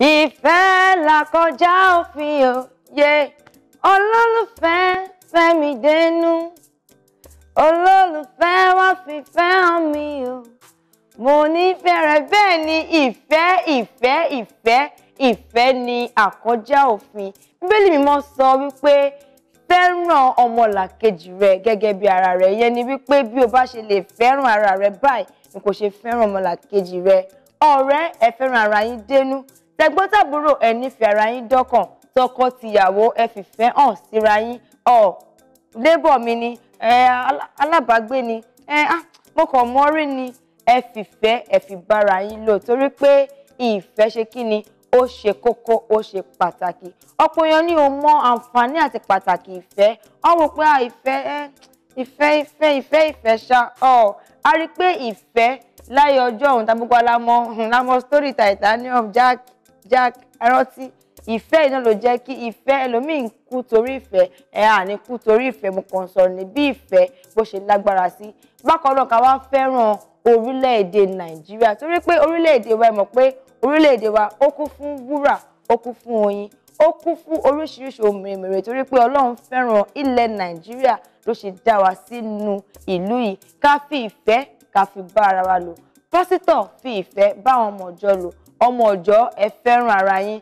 ìfẹ́ là kọjá òfin òye olólùfẹ́ fẹ́ mi denu, ololufe wa fìfẹ́ hàn mí o mo ni rẹ bẹ́ẹ̀ ni Ife Ife Ife ìfẹ́ ni àkọjá òfin bíbélì mímọ́ sọ wípé fẹ́ràn ọmọlàkejì rẹ gẹ́gẹ́ bí ara rẹ yẹn ni wípé bí o bá ṣe lè fẹ́ràn ara rẹ báyìí ni kò ṣe fẹ́ràn ọmọlàkejì rẹ ọ̀rẹ́ ẹ fẹ́ràn ara yín dénú tẹ̀gbọ́ntàbúrò ẹ nífẹ̀ẹ́ ara yín dọ́kàn tọkọ-tìyàwó ẹ fìfẹ́ hàn síra yín ọ lébọ̀ mi ni alábàágbé ni ah, mo kàn mọ́rí ni ẹ fìfẹ́ ẹ fi bára yín lò torí pé ìfẹ́ ṣe kí ni ó ṣe kókó ó ṣe pàtàkì ọ̀pọ̀ èèyàn ni ò mọ àǹfààní àti pàtàkì ìfẹ́ wọ́n wò pé ah, ìfẹ́ ìfẹ́ ìfẹ́ ìfẹ́ ìfẹ́ ṣá ọ a rí i pé ìfẹ́ láyé ọjọ́ òun tá gbogbo alámọ̀ hmm, story Titanium Jack Jack ẹrántí ìfẹ́ iná ló jẹ́ kí ìfẹ́ ẹlòmíì ń kú torí ìfẹ́ ẹ̀ à ní kú torí ìfẹ́ mo kàn sọ ní bí ìfẹ́ bó ṣe lágbára sí bákan náà ká wá fẹ́ràn orílẹ̀-èdè Nàìjíríà torí pé orílẹ̀-èdè wa ẹ mọ̀ pé orílẹ̀-èdè wa ó kún fún wúrà ó kún fún oyin ó kún fún oríṣiríṣi òmìnirìnmìnrin torí pé Ọlọ́run fẹ́ràn ilẹ̀ Nàìjíríà ló ṣe dá wa sínú ìlú yìí ká fi ìfẹ́ ká fi bá ara wa lò pásítọ̀ fi ìfẹ́ báwọn ọmọ ọjọ́ lò ọmọ ọ̀jọ́ ẹ fẹ́ràn ara yín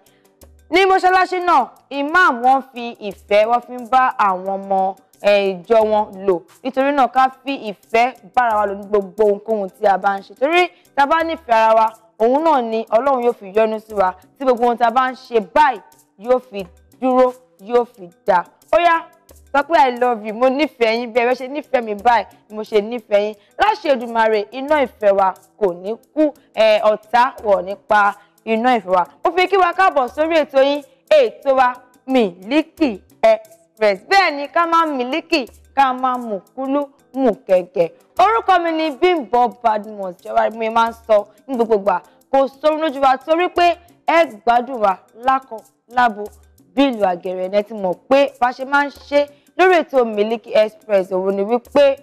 ní mọ́ṣáláṣí náà imam wọ́n fi ìfẹ́ wọ́n fi ń bá àwọn ọmọ ìjọ wọn lò nítorí náà ká fi ìfẹ́ bára wa lò ní gbogbo ohunkóhun tí a bá ń ṣe torí tá a bá nífẹ̀ẹ́ ara wa òun náà ni ọlọ́run yóò fi yọ́nú sí wa tí gbogbo ohun tá a bá ń ṣe báyìí yóò fi dúró yóò fi dáa ó yá sọ i love you mo nífẹ̀ẹ́ yín bí ẹ ṣe nífẹ̀ẹ́ mi báyìí mo ṣe nífẹ̀ẹ́ yín láṣẹ Èdùmàrè iná ìfẹ́ wa kò ní kú ọ̀tá wọ̀ nípa iná ìfẹ́ wa mo fi kí wa káàbọ̀ sórí ètò yín ètò wa Miliki Express bẹ́ẹ̀ ni ká máa Miliki ká máa mú kúlú mú kẹ̀kẹ́ orúkọ mi ni bimbo Badmus jọba mi máa ń sọ ní gbogbogbà kò sórun lójú wa torí pé ẹ gbádùn wa lákọ lábo bí ìlú àgẹ̀rẹ̀ ẹ̀ tí mọ̀ pé bá ṣe máa ń ṣe é lórí ètò Miliki Express òun wípé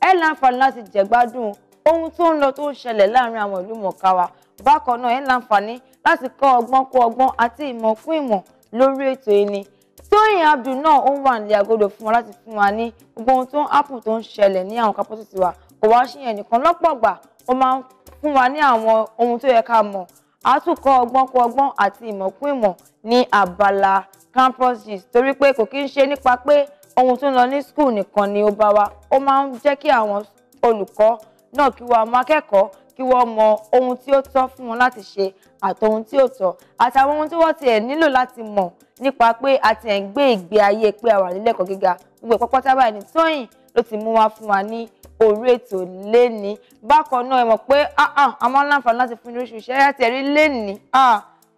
ẹ láǹfààní láti jẹ̀gbádùn ohun tó ń lọ tó ń ṣẹlẹ̀ láàrin àwọn ìlú mọ̀ọ́ká wa bákan náà ẹ láǹfààní láti kọ́ ọgbọ́n kọ́ ọgbọ́n àti ìmọ̀ fún ìmọ̀ lórí ètò yìí Tóyìn Abdul náà ó wà nílé agodo fún wa láti fún wa ní gbogbo ohun tó ń ápù tó ń ṣẹlẹ̀ ní àwọn kápọ́tì tiwa kò wá sí nìkan lọ́pọ̀ gbà ó máa ń fún wa ní àwọn ohun tó yẹ ká mọ̀ àtúkọ́ ọgbọ́n kọ́ ọgbọ́n àti ìmọ̀ ìmọ̀ ní abala campus gist torí pé kò kí ń ṣe nípa pé ohun tó lọ ní school nìkan ni ó bá wa ó máa ń jẹ́ kí àwọn olùkọ́ náà kí wọ́n mọ akẹ́kọ̀ọ́ kí wọ́n mọ ohun tí ó tọ́ fún wọn láti ṣe àtọhun tí ó tọ́ àtàwọn ohun tí wọ́n tiẹ̀ nílò láti mọ̀ nípa pé a tiẹ̀ ń gbé ìgbé ayé pé a wà nílẹ̀kọ̀ọ́ gíga gbogbo ìpọ́pọ́tà báyìí ní Tóyìn ló ti mú wá fún wa ní orí ètò lẹ́ni bákan náà ẹ mọ̀ pé a máa ń láǹfààní láti fún oríṣiríṣi iṣẹ́ láti ẹ̀rí lẹ́ni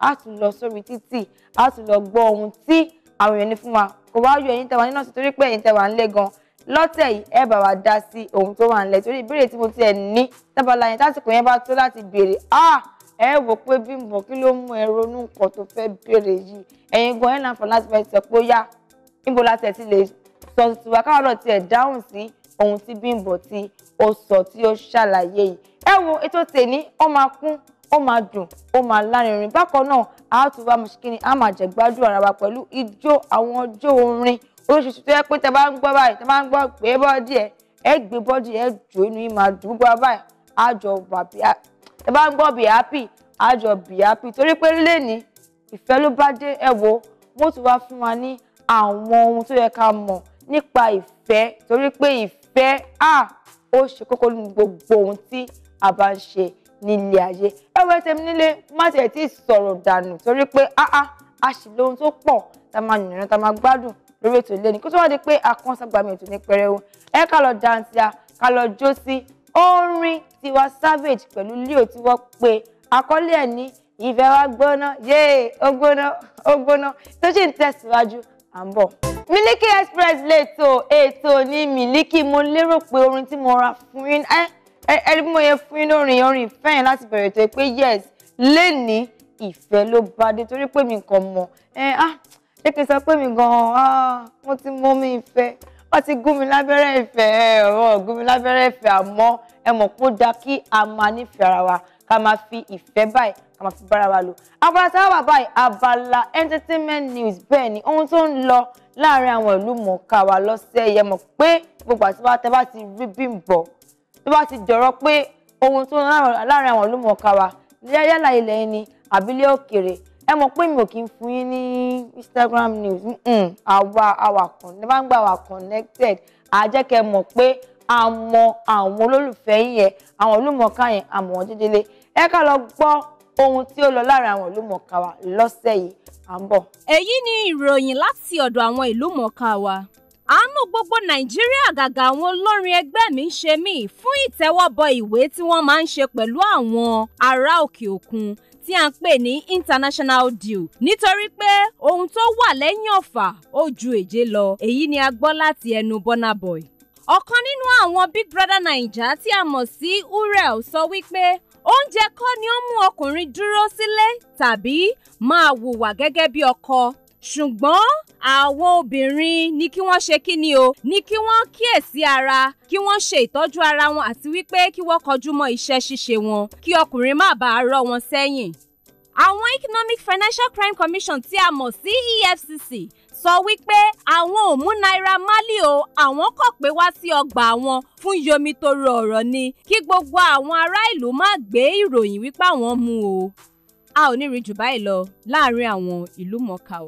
a tún lọ sórí títì a tún lọ gbọ́ ohun tí àwọn èèyàn ní fún wa kò wá yọ ẹ̀yin tẹwà nínú ọ̀sẹ̀ torí pé ẹ̀yin tẹwà ń lé gan lọ́tẹ̀ yìí ẹ bá wa dá sí ohun tó wà nílẹ̀ torí ìbéèrè tí mo ti ẹ̀ ní tábàlà yẹn tásìkò yẹn bá tó láti béèrè ah ẹ wò pé Bímbọ́ kí ló mú ẹ ronú nǹkan tó fẹ́ béèrè yìí ẹ̀yin gan ẹ̀ láǹfà láti fẹ́ sọ pé ó yá níbo láti ẹ̀ ti lè sọ tiwa káwọn náà ti dáhùn sí ohun tí Bímbọ́ tí ó sọ tí ó ṣàlàyé yìí ẹ wo ètò tèmi ó máa kún ó máa dùn ó máa lárinrin bákan náà a tún bá mu ṣe kíni a máa jẹ gbádùn ara wa pẹ̀lú ijó àwọn ọjọ́ orin oríṣiríṣi tó yẹ pé tẹ bá ń gbọ́ báyìí tẹ bá ń gbọ́ gbé bọ́ọ̀dì ẹ ẹ gbé bọ́ọ̀dì ẹ jò inú yìí máa dùn gbọ́ báyìí àjọ bàbí tẹ bá ń gbọ́ bí happy àjọ bí happy torí pé lẹ́ni ìfẹ́ ló bá dé ẹ wo wọ́n tún wá fún wa ní àwọn ohun tó yẹ ká mọ̀ nípa ìfẹ́ torí pé ìfẹ́ ó ṣe kókó nínú gbogbo ohun tí a bá ń ṣe nílé ayé ẹwẹ́ tẹ̀mí nílé má tiẹ̀ tí ì sọ̀rọ̀ dànù torí pé áá a sì lóhun tó pọ̀ tá máa yìnrìn tá máa gbádùn lórí ètò ilé ni kó tó wá di pé akọ́nságbàmì ètò ní pẹrẹwu ẹ ká lọ dantia ká lọ jó sí orin Tiwa Savage pẹ̀lú Leo tí wọ́n pe àkọ́lé ẹ̀ ní ìfẹ́ wa gbóná yéè ó gbóná ó gbóná tó sì ń tẹ̀síwájú à ń bọ̀. Miliki Express lè to ètò ní Miliki mo lérò pé orin tí mo ra fún yín ẹ́ ẹni bí mo yẹ fún yín lórin orin ìfẹ́ yẹn láti bẹ̀rẹ̀ tó yẹ pé yes lẹ́ni ìfẹ́ ló bá dé torí pé mi kàn mọ̀ ẹ ah ṣé kí n sọ pé mi gan-an ah mo ti mọ mi ìfẹ́ wọ́n ti gún mi lábẹ́rẹ́ ìfẹ́ ọ̀rọ̀ gún mi lábẹ́rẹ́ ìfẹ́ àmọ́ ẹ mọ̀ pé ó dáa kí a máa nífẹ̀ẹ́ ara wa ká máa fi ìfẹ́ báyìí ká máa fi bára wa lò abala wà báyìí abala entertainment news bẹ́ẹ̀ ni ohun tó ń lọ láàrin àwọn ìlú mọ̀ọ́ká wa lọ́sẹ̀ yẹ mọ̀ pé gbogbo àti bá tẹ bá ti rí Bímbọ́ tó bá ti jọ̀rọ̀ pé ohun tó láàrin àwọn olùmọ̀ọ́ká wa yálà ilẹ̀ yín ni àbílẹ̀ òkèèrè ẹ mọ̀ pé mi ò kí ń fún yín ní Instagram news àwa àwa kan ní bá ń gbà wà connected àjẹkẹ́ mọ̀ pé a mọ àwọn olólùfẹ́ yín yẹn àwọn olùmọ̀ọ́ká yẹn àmọ̀ wọn dédélé ẹ ká lọ gbọ́ ohun tí ó lọ láàrin àwọn ìlúmọ̀ọ́ká wa lọ́sẹ̀ yìí à ń bọ̀. èyí ni ìròyìn láti ọ̀dọ̀ àwọn ìlúmọ̀ọ́ká wa àánú gbogbo nàìjíríà àgàgà àwọn olórin ẹgbẹ́ mi ń ṣe mí fún ìtẹ́wọ́bọ ìwé tí wọ́n máa ń ṣe pẹ̀lú àwọn ará òkè òkun tí à ń pè ní international deal nítorí pé ohun tó wà lẹ́yìn ọ̀fà ó ju èje lọ èyí ni a gbọ́ láti ẹnu Burna Boy. ọ̀kan nínú àwọn Big Brother Naija tí a mọ̀ sí Urel sọ wípé oúnjẹ kọ́ ni ó mú ọkùnrin dúró sílé tàbí máa hùwà gẹ́gẹ́ bí ọkọ ṣùgbọ́n àwọn obìnrin ní kí wọ́n ṣe kí ni o ní kí wọ́n kíyèsí ara kí wọ́n ṣe ìtọ́jú ara wọn àti wípé kí wọ́n kọjú mọ́ iṣẹ́ ṣíṣe wọn kí ọkùnrin má bàa rọ́ wọn sẹ́yìn. àwọn Economic Financial Crime Commission tí a mọ̀ sí EFCC sọ wípé àwọn ò mú Naira Marley o àwọn kọ̀ pé wá sí ọgbà àwọn fún yomitoro ọ̀rọ̀ ni kí gbogbo àwọn ará ìlú má gbé ìròyìn wípé àwọn mú o a ò ní rí jù báyìí lọ láàrin àwọn ìlú mọ̀ọ́ká wa.